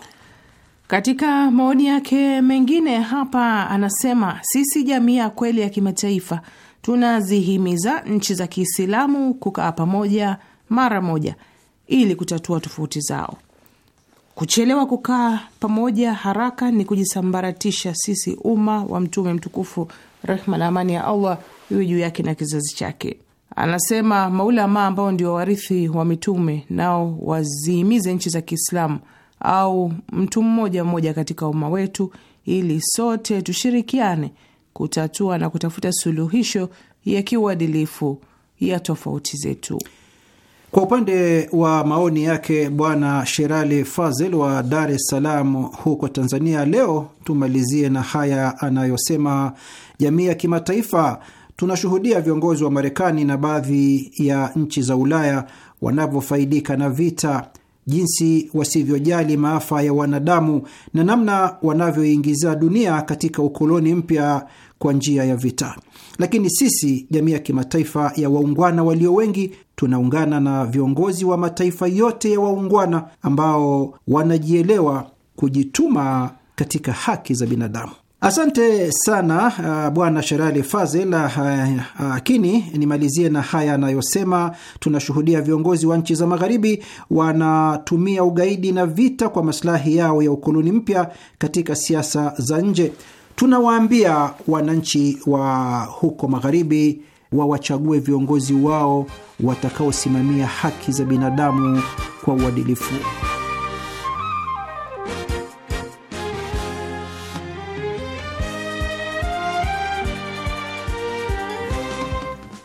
Katika maoni yake mengine hapa anasema, sisi jamii ya kweli ya kimataifa tunazihimiza nchi za Kiislamu kukaa pamoja mara moja ili kutatua tofauti zao. Kuchelewa kukaa pamoja haraka ni kujisambaratisha sisi umma wa Mtume mtukufu, rehma na amani ya Allah iwe juu yake na kizazi chake. Anasema maulamaa ambao ndio warithi wa mitume nao wazihimize nchi za Kiislamu au mtu mmoja mmoja katika umma wetu, ili sote tushirikiane kutatua na kutafuta suluhisho ya kiuadilifu ya tofauti zetu. Kwa upande wa maoni yake Bwana Sherali Fazel wa Dar es Salaam huko Tanzania. Leo tumalizie na haya anayosema: jamii ya kimataifa, tunashuhudia viongozi wa Marekani na baadhi ya nchi za Ulaya wanavyofaidika na vita jinsi wasivyojali maafa ya wanadamu na namna wanavyoingiza dunia katika ukoloni mpya kwa njia ya vita. Lakini sisi jamii ya kimataifa ya waungwana walio wengi tunaungana na viongozi wa mataifa yote ya waungwana ambao wanajielewa kujituma katika haki za binadamu. Asante sana uh, bwana Sherali Fazel. Lakini uh, uh, nimalizie na haya anayosema, tunashuhudia viongozi wa nchi za magharibi wanatumia ugaidi na vita kwa masilahi yao ya ukoloni mpya katika siasa za nje. Tunawaambia wananchi wa huko magharibi wawachague viongozi wao watakaosimamia haki za binadamu kwa uadilifu.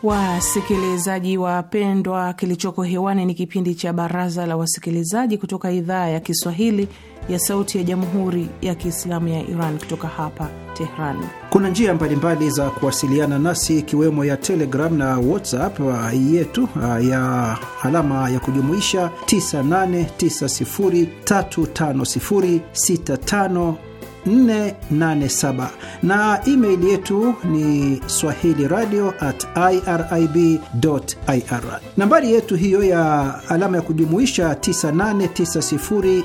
Wasikilizaji wapendwa, kilichoko hewani ni kipindi cha Baraza la Wasikilizaji kutoka idhaa ya Kiswahili ya Sauti ya Jamhuri ya Kiislamu ya Iran kutoka hapa Tehran. Kuna njia mbalimbali za kuwasiliana nasi ikiwemo ya Telegram na WhatsApp uh, yetu uh, ya alama ya kujumuisha 9890350654 487 na email yetu ni swahili radio at irib ir. Nambari yetu hiyo ya alama ya kujumuisha 9890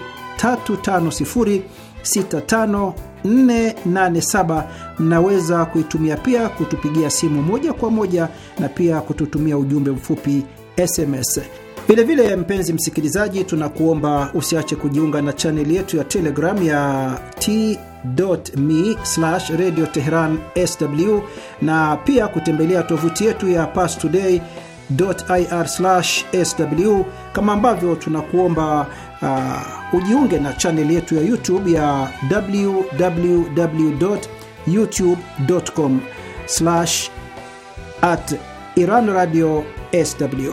350 mnaweza kuitumia pia kutupigia simu moja kwa moja na pia kututumia ujumbe mfupi SMS. Vilevile mpenzi msikilizaji, tunakuomba usiache kujiunga na chaneli yetu ya Telegram ya t me radio Tehran sw na pia kutembelea tovuti yetu ya Pastoday ir sw, kama ambavyo tunakuomba uh, ujiunge na chaneli yetu ya YouTube ya www youtube at Iran radio sw.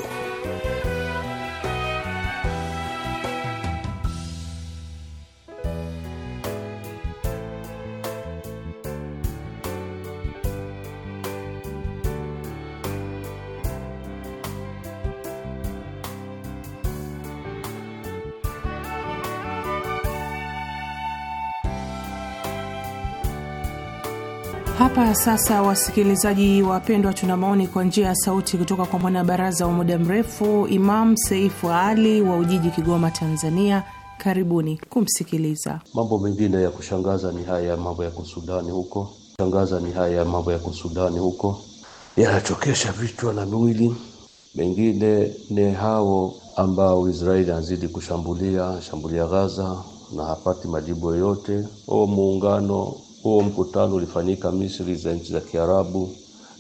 sasa, wasikilizaji wapendwa, tuna maoni kwa njia ya sauti kutoka kwa mwanabaraza wa muda mrefu Imam Seifu Ali wa Ujiji, Kigoma, Tanzania. Karibuni kumsikiliza. Mambo mengine ya kushangaza ni haya ya mambo yako Sudani huko, shangaza ni haya ya mambo yako Sudani huko, yanachokesha vichwa na miwili Mengine ni hao ambao Israeli anazidi kushambulia shambulia Gaza na hapati majibu yoyote. O muungano huo mkutano ulifanyika Misri za nchi za Kiarabu,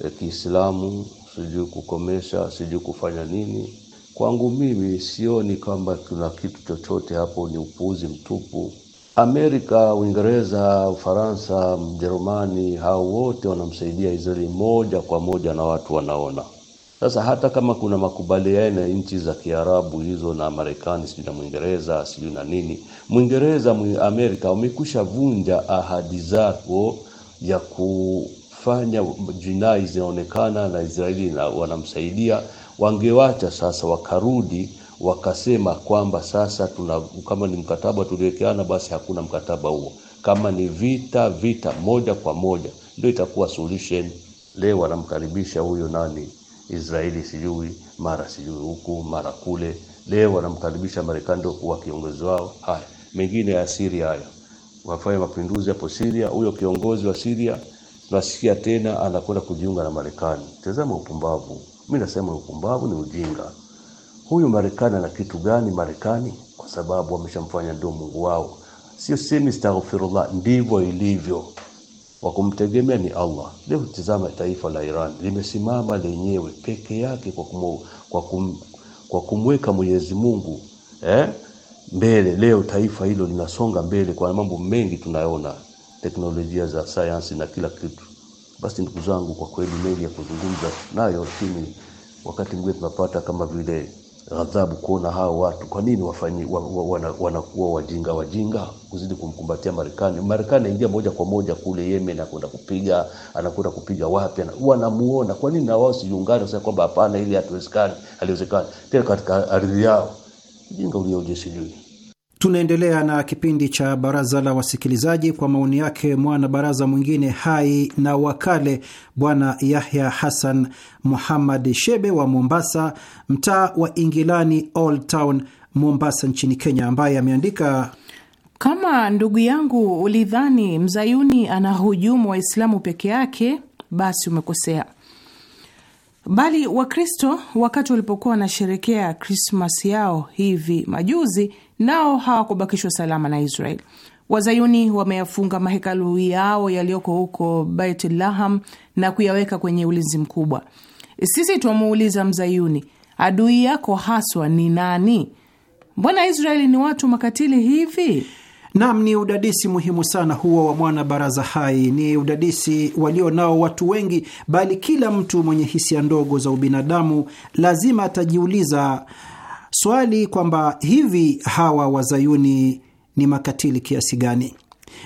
e, Kiislamu, sijui kukomesha, sijui kufanya nini. Kwangu mimi sioni kwamba kuna kitu chochote hapo, ni upuuzi mtupu. Amerika, Uingereza, Ufaransa, Mjerumani, hao wote wanamsaidia Israeli moja kwa moja, na watu wanaona sasa hata kama kuna makubaliano ya nchi za Kiarabu hizo na Marekani sijui na Mwingereza sijui na nini, Mwingereza Amerika wamekusha vunja ahadi zako ya kufanya jinai zinaonekana na Israeli na wanamsaidia. Wangewacha sasa wakarudi wakasema kwamba sasa tuna, kama ni mkataba tuliwekeana, basi hakuna mkataba huo. Kama ni vita, vita moja kwa moja ndio itakuwa solution. Leo wanamkaribisha huyo nani Israeli sijui mara sijui huku mara kule, leo wanamkaribisha Marekani ndio kuwa kiongozi wao. Haya mengine ya Syria haya wafanya mapinduzi hapo Syria, huyo kiongozi wa Syria nasikia tena anakwenda kujiunga na Marekani. Tazama upumbavu, mimi nasema upumbavu ni ujinga. Huyu Marekani ana kitu gani Marekani? Kwa sababu wameshamfanya ndio Mungu wao. Sio semi, astaghfirullah, ndivyo ilivyo wa kumtegemea ni Allah. Leo tizama taifa la Iran limesimama lenyewe peke yake kwa, kumu, kwa, kum, kwa kumweka Mwenyezi Mungu eh, mbele. Leo taifa hilo linasonga mbele kwa mambo mengi tunayoona, teknolojia za sayansi na kila kitu. Basi ndugu zangu, kwa kweli mengi ya kuzungumza nayo, lakini wakati mwingine tunapata kama vile ghadhabu kuona hao watu kwa nini wanakuwa wana, wana, wajinga wajinga kuzidi kumkumbatia Marekani. Marekani aingia moja kwa moja kule Yemen, anakwenda kupiga anakwenda kupiga wapi? Wanamuona, kwa nini na wao siungane? Sasa kwamba hapana, ili hatuwezekani, haliwezekani tena katika ardhi yao, ujinga ulioje sijui. Tunaendelea na kipindi cha baraza la wasikilizaji kwa maoni yake mwana baraza mwingine hai na wakale Bwana Yahya Hassan Muhammad Shebe wa Mombasa, mtaa wa Ingilani, Old Town, Mombasa nchini Kenya, ambaye ameandika kama ndugu yangu ulidhani mzayuni anahujumu Waislamu peke yake, basi umekosea bali Wakristo wakati walipokuwa wanasherekea Krismas yao hivi majuzi, nao hawakubakishwa salama na Israeli. Wazayuni wameyafunga mahekalu yao yaliyoko huko Baitlaham na kuyaweka kwenye ulinzi mkubwa. Sisi twamuuliza Mzayuni, adui yako haswa ni nani? Mbona Israeli ni watu makatili hivi? Nam, ni udadisi muhimu sana huo wa mwana baraza hai. Ni udadisi walio nao watu wengi, bali kila mtu mwenye hisia ndogo za ubinadamu lazima atajiuliza swali kwamba hivi hawa wazayuni ni makatili kiasi gani?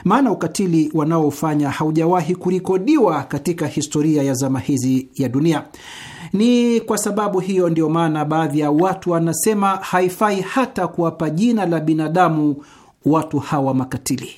Maana ukatili wanaofanya haujawahi kurikodiwa katika historia ya zama hizi ya dunia. Ni kwa sababu hiyo ndio maana baadhi ya watu wanasema haifai hata kuwapa jina la binadamu watu hawa makatili.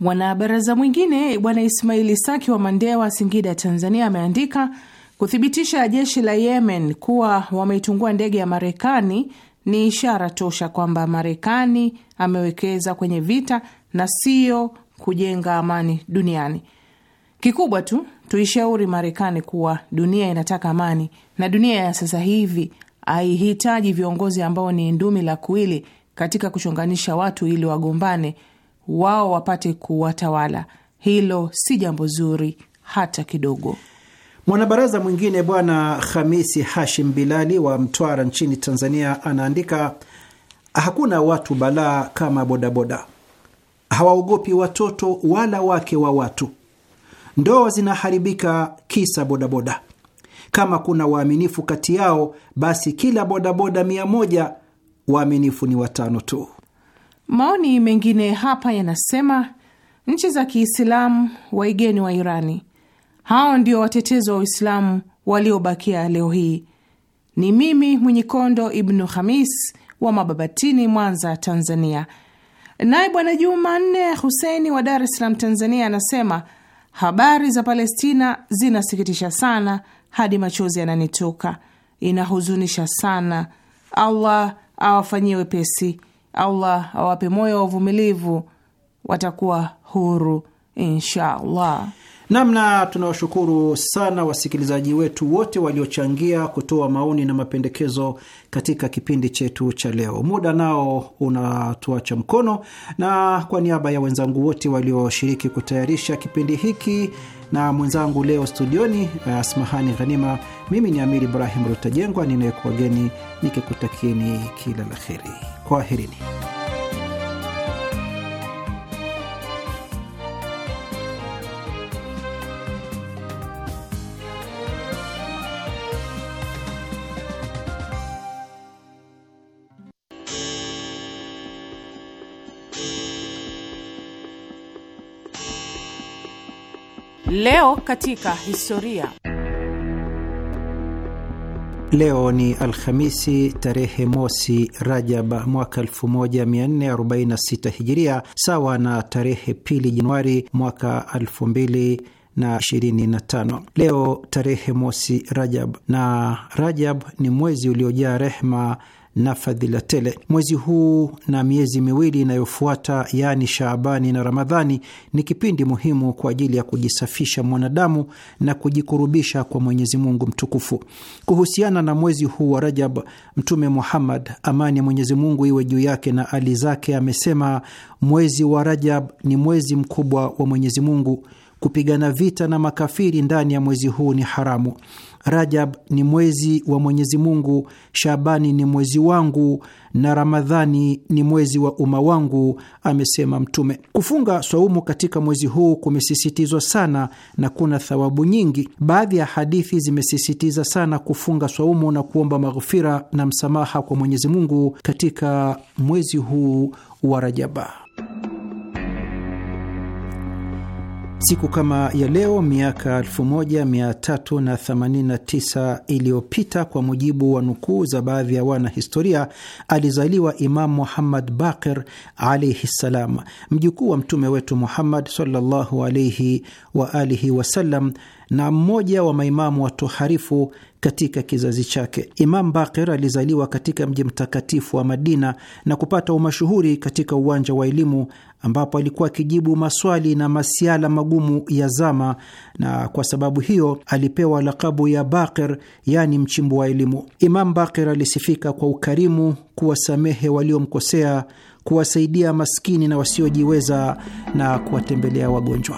Mwanabaraza mwingine Bwana Ismaili Saki wa Mandewa, Singida, Tanzania, ameandika kuthibitisha jeshi la Yemen kuwa wameitungua ndege ya Marekani ni ishara tosha kwamba Marekani amewekeza kwenye vita na sio kujenga amani duniani. Kikubwa tu tuishauri Marekani kuwa dunia inataka amani, na dunia ya sasa hivi haihitaji viongozi ambao ni ndumi la kuili katika kuchonganisha watu ili wagombane, wao wapate kuwatawala. Hilo si jambo zuri hata kidogo. Mwanabaraza mwingine Bwana Hamisi Hashim Bilali wa Mtwara nchini Tanzania anaandika, hakuna watu balaa kama bodaboda, hawaogopi watoto wala wake wa watu. Ndoa zinaharibika kisa bodaboda. Kama kuna waaminifu kati yao, basi kila bodaboda mia moja waaminifu ni watano tu. Maoni mengine hapa yanasema nchi za Kiislamu waigeni wa Irani, hao ndio watetezi wa Uislamu waliobakia leo hii. Ni mimi kondo Ibnu Khamis wa Mababatini, Mwanza, Tanzania. Naye Bwana Jumanne Huseini wa Dar es Salaam, Tanzania, anasema habari za Palestina zinasikitisha sana, hadi machozi yananitoka, inahuzunisha sana. Allah awafanyie wepesi. Allah awape moyo wa uvumilivu, watakuwa huru insha Namna tunawashukuru sana wasikilizaji wetu wote waliochangia kutoa maoni na mapendekezo katika kipindi chetu cha leo. Muda nao unatuacha mkono, na kwa niaba ya wenzangu wote walioshiriki kutayarisha kipindi hiki na mwenzangu leo studioni eh, Asmahani Ghanima mimi ni Amiri Ibrahim Rutajengwa ninayekuwageni nikikutakieni kila la heri. Kwaherini. Leo katika historia. Leo ni Alhamisi tarehe mosi Rajab mwaka 1446 Hijiria, sawa na tarehe pili Januari mwaka 25 Leo tarehe mosi Rajab, na Rajab ni mwezi uliojaa rehma na fadhila tele. Mwezi huu na miezi miwili inayofuata, yaani Shaabani na Ramadhani, ni kipindi muhimu kwa ajili ya kujisafisha mwanadamu na kujikurubisha kwa Mwenyezi Mungu mtukufu. Kuhusiana na mwezi huu wa Rajab, Mtume Muhammad, amani ya Mwenyezi Mungu iwe juu yake na ali zake, amesema, mwezi wa Rajab ni mwezi mkubwa wa Mwenyezi Mungu. Kupigana vita na makafiri ndani ya mwezi huu ni haramu. Rajab ni mwezi wa Mwenyezi Mungu, Shabani ni mwezi wangu na Ramadhani ni mwezi wa umma wangu, amesema Mtume. Kufunga swaumu katika mwezi huu kumesisitizwa sana na kuna thawabu nyingi. Baadhi ya hadithi zimesisitiza sana kufunga swaumu na kuomba maghfira na msamaha kwa Mwenyezi Mungu katika mwezi huu wa Rajaba. Siku kama ya leo miaka 1389 iliyopita, kwa mujibu wa nukuu za baadhi ya wanahistoria, alizaliwa Imamu Muhammad Baqir alaihi ssalam, mjukuu wa mtume wetu Muhammad sallallahu alaihi waalihi wasallam na mmoja wa maimamu watoharifu katika kizazi chake. Imam Bakir alizaliwa katika mji mtakatifu wa Madina na kupata umashuhuri katika uwanja wa elimu, ambapo alikuwa akijibu maswali na masiala magumu ya zama, na kwa sababu hiyo alipewa lakabu ya Bakir, yaani mchimbu wa elimu. Imam Bakir alisifika kwa ukarimu, kuwasamehe waliomkosea, kuwasaidia maskini na wasiojiweza na kuwatembelea wagonjwa.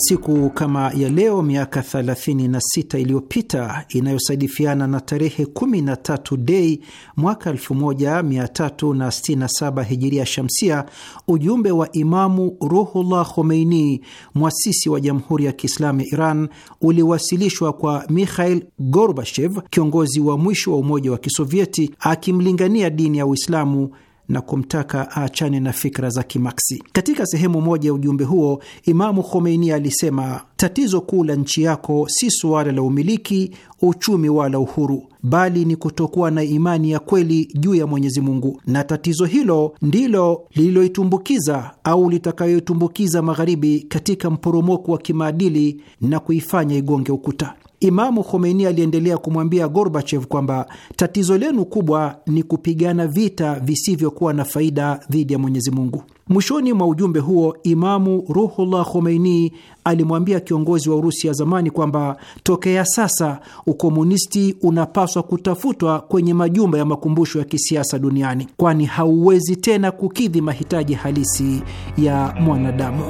Siku kama ya leo miaka 36 iliyopita inayosadifiana na tarehe 13 Dei mwaka 1367 hijiria shamsia, ujumbe wa Imamu Ruhullah Khomeini, mwasisi wa Jamhuri ya Kiislamu ya Iran, uliwasilishwa kwa Mikhail Gorbachev, kiongozi wa mwisho wa Umoja wa Kisovyeti, akimlingania dini ya Uislamu na kumtaka aachane na fikra za Kimaksi. Katika sehemu moja ya ujumbe huo, Imamu Khomeini alisema, tatizo kuu la nchi yako si suala la umiliki, uchumi wala uhuru, bali ni kutokuwa na imani ya kweli juu ya Mwenyezi Mungu, na tatizo hilo ndilo lililoitumbukiza au litakayoitumbukiza Magharibi katika mporomoko wa kimaadili na kuifanya igonge ukuta. Imamu Khomeini aliendelea kumwambia Gorbachev kwamba tatizo lenu kubwa ni kupigana vita visivyokuwa na faida dhidi ya Mwenyezi Mungu. Mwishoni mwa ujumbe huo, Imamu Ruhullah Khomeini alimwambia kiongozi wa Urusi ya zamani kwamba tokea sasa ukomunisti unapaswa kutafutwa kwenye majumba ya makumbusho ya kisiasa duniani, kwani hauwezi tena kukidhi mahitaji halisi ya mwanadamu.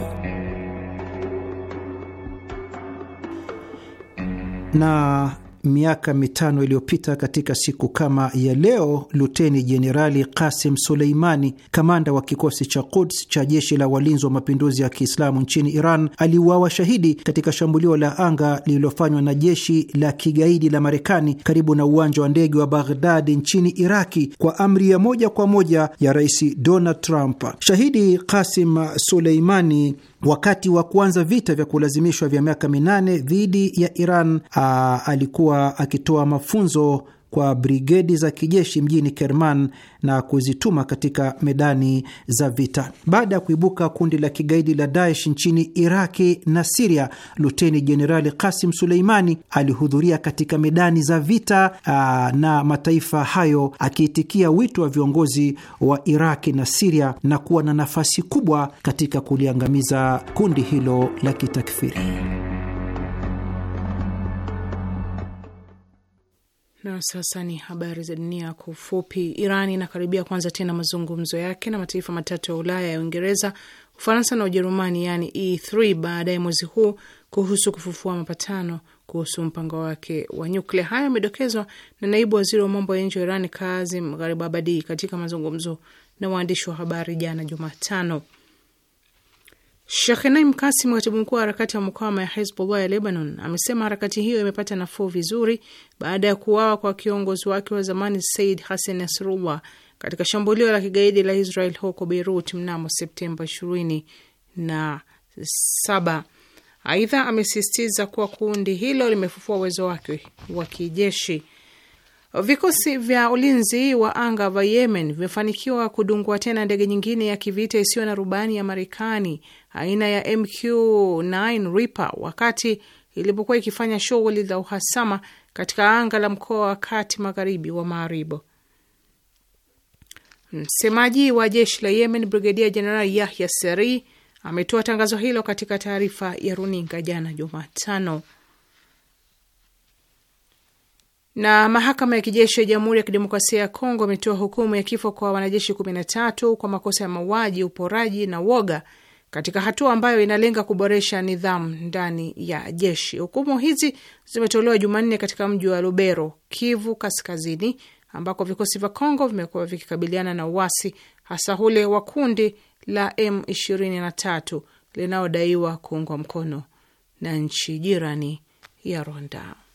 Na miaka mitano iliyopita katika siku kama ya leo, Luteni Jenerali Kasim Suleimani, kamanda wa kikosi cha Quds cha jeshi la walinzi wa mapinduzi ya Kiislamu nchini Iran, aliuawa shahidi katika shambulio la anga lililofanywa na jeshi la kigaidi la Marekani karibu na uwanja wa ndege wa Baghdadi nchini Iraki kwa amri ya moja kwa moja ya Rais Donald Trump. Shahidi Kasim Suleimani Wakati wa kuanza vita vya kulazimishwa vya miaka minane dhidi ya Iran, aa, alikuwa akitoa mafunzo kwa brigedi za kijeshi mjini Kerman na kuzituma katika medani za vita. Baada ya kuibuka kundi la kigaidi la Daesh nchini Iraki na Siria, Luteni Jenerali Kasim Suleimani alihudhuria katika medani za vita aa, na mataifa hayo akiitikia wito wa viongozi wa Iraki na Siria na kuwa na nafasi kubwa katika kuliangamiza kundi hilo la kitakfiri. Na sasa ni habari za dunia kwa ufupi. Iran inakaribia kuanza tena mazungumzo yake na mataifa matatu ya Ulaya ya Uingereza, Ufaransa na Ujerumani, yaani E3 baadaye mwezi huu kuhusu kufufua mapatano kuhusu mpango wake wa nyuklia. Hayo yamedokezwa na naibu waziri wa mambo ya nje wa Iran Kazim Gharibabadi katika mazungumzo na waandishi wa habari jana Jumatano. Shekh Naim Kasim, katibu mkuu wa harakati ya mukawama ya Hezbollah ya Lebanon, amesema harakati hiyo imepata nafuu vizuri baada ya kuuawa kwa kiongozi wake wa zamani Said Hassan Nasrullah katika shambulio la kigaidi la Israel huko Beirut mnamo Septemba 27. Aidha, amesisitiza kuwa kundi hilo limefufua uwezo wake wa kijeshi. Vikosi vya ulinzi wa anga vya Yemen vimefanikiwa kudungua tena ndege nyingine ya kivita isiyo na rubani ya Marekani aina ya MQ9 Reaper wakati ilipokuwa ikifanya shughuli za uhasama katika anga la mkoa wa kati magharibi wa Maaribo. Msemaji wa jeshi la Yemen, Brigedia Jenerali Yahya Seri ametoa tangazo hilo katika taarifa ya runinga jana Jumatano. Na mahakama ya kijeshi ya Jamhuri ya Kidemokrasia ya Kongo imetoa hukumu ya kifo kwa wanajeshi 13 kwa makosa ya mauaji, uporaji na woga katika hatua ambayo inalenga kuboresha nidhamu ndani ya jeshi. Hukumu hizi zimetolewa Jumanne katika mji wa Lubero, Kivu Kaskazini, ambako vikosi vya Kongo vimekuwa vikikabiliana na uasi, hasa ule wa kundi la M23 linalodaiwa kuungwa mkono na nchi jirani ya Rwanda.